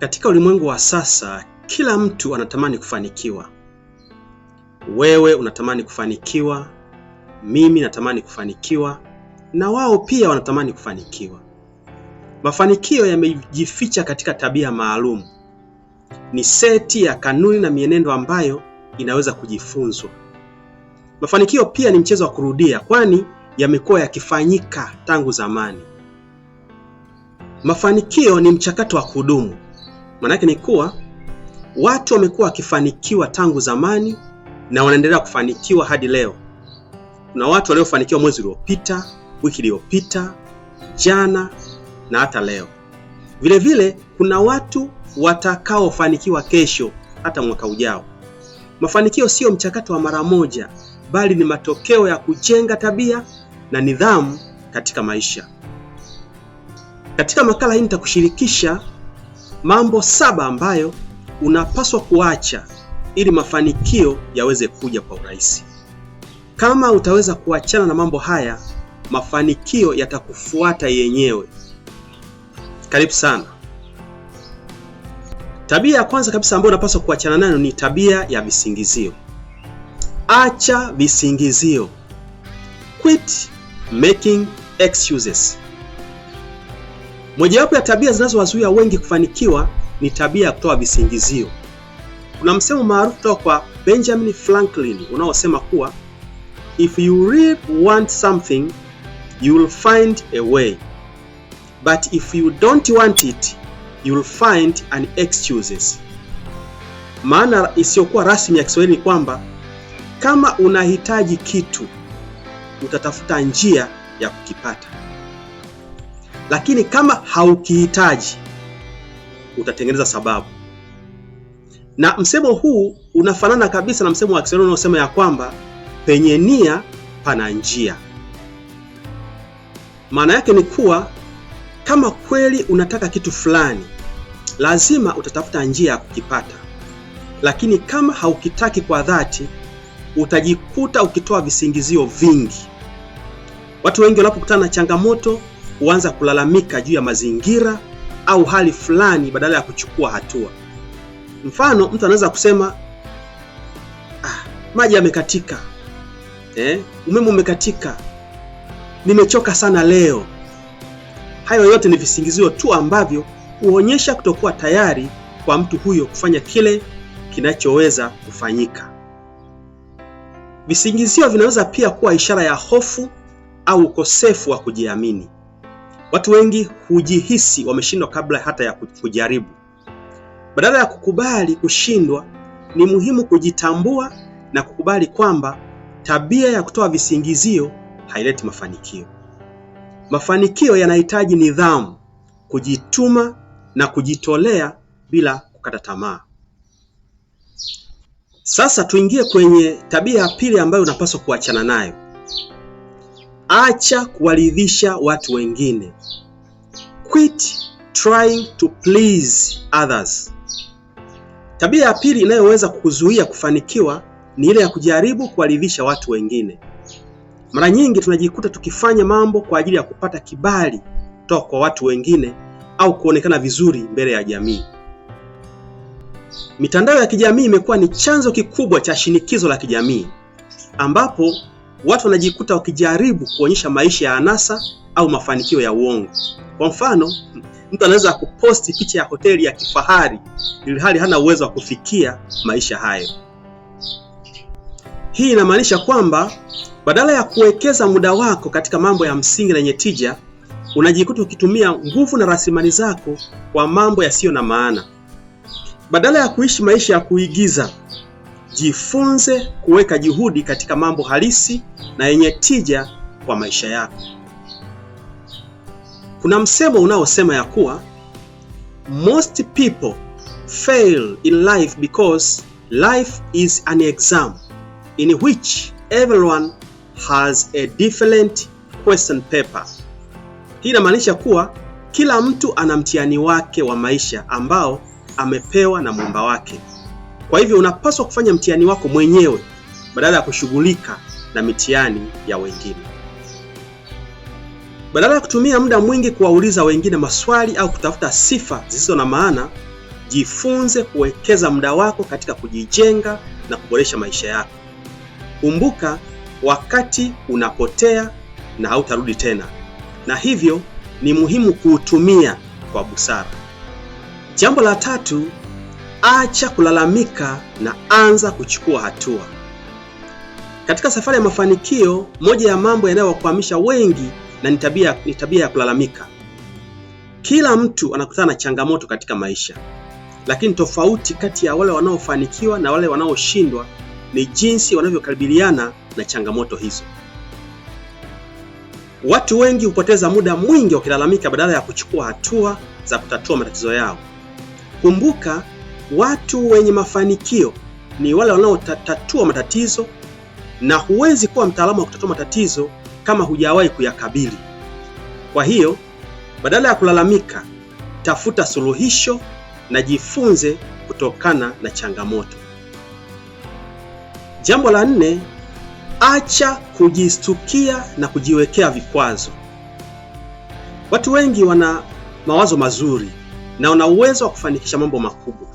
Katika ulimwengu wa sasa, kila mtu anatamani kufanikiwa. Wewe unatamani kufanikiwa, mimi natamani kufanikiwa, na wao pia wanatamani kufanikiwa. Mafanikio yamejificha katika tabia maalum. Ni seti ya kanuni na mienendo ambayo inaweza kujifunzwa. Mafanikio pia ni mchezo wa kurudia, kwani yamekuwa yakifanyika tangu zamani. Mafanikio ni mchakato wa kudumu. Maanake ni kuwa watu wamekuwa wakifanikiwa tangu zamani na wanaendelea kufanikiwa hadi leo. Kuna watu waliofanikiwa mwezi uliopita, wiki iliyopita, jana na hata leo. Vile vile kuna watu watakaofanikiwa kesho, hata mwaka ujao. Mafanikio sio mchakato wa mara moja, bali ni matokeo ya kujenga tabia na nidhamu katika maisha. Katika makala hii nitakushirikisha Mambo saba ambayo unapaswa kuacha ili mafanikio yaweze kuja kwa urahisi. Kama utaweza kuachana na mambo haya, mafanikio yatakufuata yenyewe. Karibu sana. Tabia ya kwanza kabisa ambayo unapaswa kuachana nayo ni tabia ya visingizio. Acha visingizio. Quit making excuses. Mojawapo ya tabia zinazowazuia wengi kufanikiwa ni tabia ya kutoa visingizio. Kuna msemo maarufu kutoka kwa Benjamin Franklin unaosema kuwa if you really want something you will find a way but if you don't want it you will find an excuses. Maana isiyokuwa rasmi ya Kiswahili ni kwamba kama unahitaji kitu utatafuta njia ya kukipata. Lakini kama haukihitaji utatengeneza sababu, na msemo huu unafanana kabisa na msemo wa Kiswahili unaosema ya kwamba penye nia pana njia. Maana yake ni kuwa kama kweli unataka kitu fulani, lazima utatafuta njia ya kukipata, lakini kama haukitaki kwa dhati, utajikuta ukitoa visingizio vingi. Watu wengi wanapokutana na changamoto kuanza kulalamika juu ya mazingira au hali fulani badala ya kuchukua hatua. Mfano, mtu anaweza kusema ah, maji yamekatika eh, umeme umekatika, nimechoka sana leo. Hayo yote ni visingizio tu ambavyo huonyesha kutokuwa tayari kwa mtu huyo kufanya kile kinachoweza kufanyika. Visingizio vinaweza pia kuwa ishara ya hofu au ukosefu wa kujiamini. Watu wengi hujihisi wameshindwa kabla hata ya kujaribu. Badala ya kukubali kushindwa, ni muhimu kujitambua na kukubali kwamba tabia ya kutoa visingizio haileti mafanikio. Mafanikio yanahitaji nidhamu, kujituma na kujitolea bila kukata tamaa. Sasa tuingie kwenye tabia ya pili ambayo unapaswa kuachana nayo acha kuwaridhisha watu wengine. Quit trying to please others. Tabia ya pili inayoweza kukuzuia kufanikiwa ni ile ya kujaribu kuwaridhisha watu wengine. Mara nyingi tunajikuta tukifanya mambo kwa ajili ya kupata kibali kutoka kwa watu wengine au kuonekana vizuri mbele ya jamii. Mitandao ya kijamii imekuwa ni chanzo kikubwa cha shinikizo la kijamii ambapo watu wanajikuta wakijaribu kuonyesha maisha ya anasa au mafanikio ya uongo. Kwa mfano, mtu anaweza kuposti picha ya hoteli ya kifahari ili hali hana uwezo wa kufikia maisha hayo. Hii inamaanisha kwamba badala ya kuwekeza muda wako katika mambo ya msingi na yenye tija, unajikuta ukitumia nguvu na rasilimali zako kwa mambo yasiyo na maana. Badala ya kuishi maisha ya kuigiza, jifunze kuweka juhudi katika mambo halisi na yenye tija kwa maisha yako. Kuna msemo unaosema ya kuwa most people fail in life because life is an exam in which everyone has a different question paper. Hii inamaanisha kuwa kila mtu ana mtihani wake wa maisha ambao amepewa na Muumba wake. Kwa hivyo unapaswa kufanya mtihani wako mwenyewe badala ya kushughulika na mitihani ya wengine. Badala ya kutumia muda mwingi kuwauliza wengine maswali au kutafuta sifa zisizo na maana, jifunze kuwekeza muda wako katika kujijenga na kuboresha maisha yako. Kumbuka, wakati unapotea na hautarudi tena, na hivyo ni muhimu kuutumia kwa busara. Jambo la tatu Acha kulalamika na anza kuchukua hatua. Katika safari ya mafanikio, moja ya mambo yanayowakwamisha wengi na ni tabia ya kulalamika. Kila mtu anakutana na changamoto katika maisha, lakini tofauti kati ya wale wanaofanikiwa na wale wanaoshindwa ni jinsi wanavyokabiliana na changamoto hizo. Watu wengi hupoteza muda mwingi wakilalamika badala ya kuchukua hatua za kutatua matatizo yao. Kumbuka, Watu wenye mafanikio ni wale wanaotatua matatizo, na huwezi kuwa mtaalamu wa kutatua matatizo kama hujawahi kuyakabili. Kwa hiyo badala ya kulalamika, tafuta suluhisho na jifunze kutokana na changamoto. Jambo la nne, acha kujistukia na kujiwekea vikwazo. Watu wengi wana mawazo mazuri na wana uwezo wa kufanikisha mambo makubwa,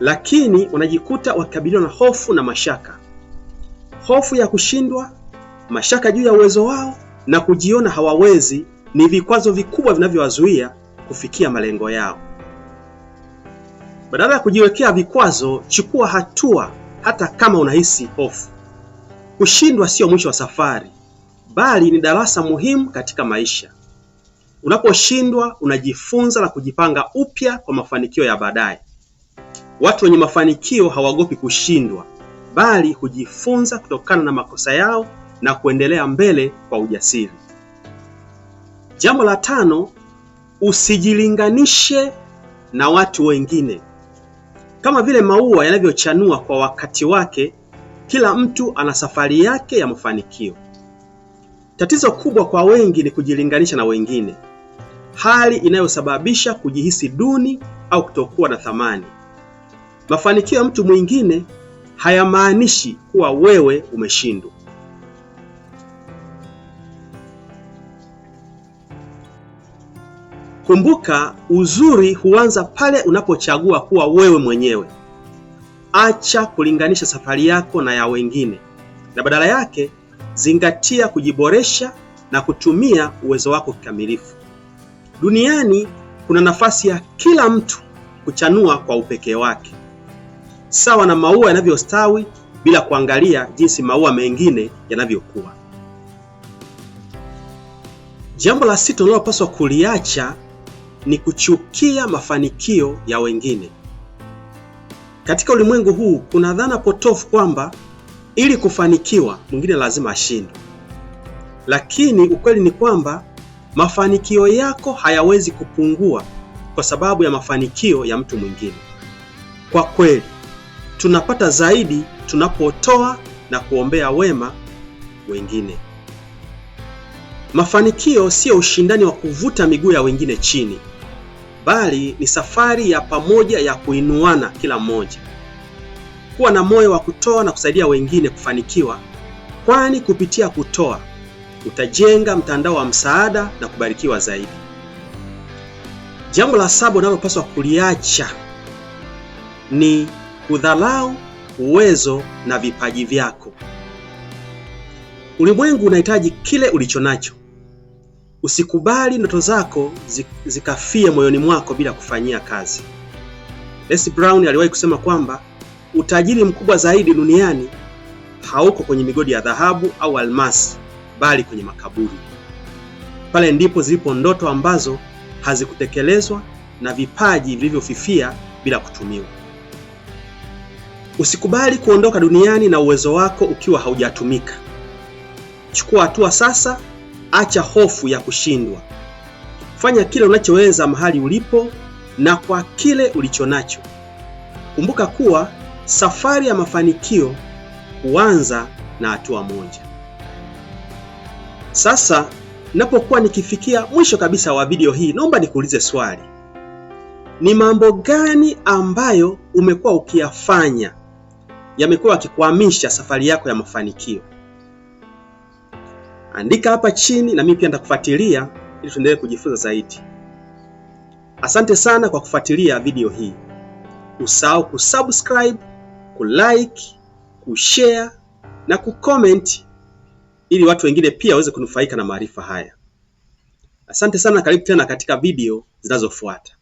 lakini unajikuta wakikabiliwa na hofu na mashaka, hofu ya kushindwa, mashaka juu ya uwezo wao na kujiona hawawezi. Ni vikwazo vikubwa vinavyowazuia kufikia malengo yao. Badala ya kujiwekea vikwazo, chukua hatua, hata kama unahisi hofu. Kushindwa sio mwisho wa safari, bali ni darasa muhimu katika maisha. Unaposhindwa, unajifunza na kujipanga upya kwa mafanikio ya baadaye. Watu wenye mafanikio hawagopi kushindwa, bali hujifunza kutokana na makosa yao na kuendelea mbele kwa ujasiri. Jambo la tano, usijilinganishe na watu wengine. Kama vile maua yanavyochanua kwa wakati wake, kila mtu ana safari yake ya mafanikio. Tatizo kubwa kwa wengi ni kujilinganisha na wengine, hali inayosababisha kujihisi duni au kutokuwa na thamani. Mafanikio ya mtu mwingine hayamaanishi kuwa wewe umeshindwa. Kumbuka, uzuri huanza pale unapochagua kuwa wewe mwenyewe. Acha kulinganisha safari yako na ya wengine, na badala yake zingatia kujiboresha na kutumia uwezo wako kikamilifu. Duniani kuna nafasi ya kila mtu kuchanua kwa upekee wake sawa na maua yanavyostawi bila kuangalia jinsi maua mengine yanavyokuwa. Jambo la sita unalopaswa kuliacha ni kuchukia mafanikio ya wengine. Katika ulimwengu huu kuna dhana potofu kwamba ili kufanikiwa mwingine lazima ashindwe, lakini ukweli ni kwamba mafanikio yako hayawezi kupungua kwa sababu ya mafanikio ya mtu mwingine. Kwa kweli tunapata zaidi tunapotoa na kuombea wema wengine. Mafanikio siyo ushindani wa kuvuta miguu ya wengine chini, bali ni safari ya pamoja ya kuinuana kila mmoja. Kuwa na moyo wa kutoa na kusaidia wengine kufanikiwa, kwani kupitia kutoa utajenga mtandao wa msaada na kubarikiwa zaidi. Jambo la saba unalopaswa kuliacha ni kudhalau uwezo na vipaji vyako. Ulimwengu unahitaji kile ulicho nacho. Usikubali ndoto zako zikafie moyoni mwako bila kufanyia kazi. Les Brown aliwahi kusema kwamba utajiri mkubwa zaidi duniani hauko kwenye migodi ya dhahabu au almasi, bali kwenye makaburi. Pale ndipo zilipo ndoto ambazo hazikutekelezwa na vipaji vilivyofifia bila kutumiwa. Usikubali kuondoka duniani na uwezo wako ukiwa haujatumika. Chukua hatua sasa, acha hofu ya kushindwa. Fanya kile unachoweza mahali ulipo na kwa kile ulicho nacho. Kumbuka kuwa safari ya mafanikio huanza na hatua moja. Sasa napokuwa nikifikia mwisho kabisa wa video hii, naomba nikuulize swali. Ni mambo gani ambayo umekuwa ukiyafanya yamekuwa yakikwamisha safari yako ya mafanikio? Andika hapa chini na mimi pia nitakufuatilia ili tuendelee kujifunza zaidi. Asante sana kwa kufuatilia video hii. Usahau kusubscribe, kulike, kushare na kucomment ili watu wengine pia waweze kunufaika na maarifa haya. Asante sana, karibu tena katika video zinazofuata.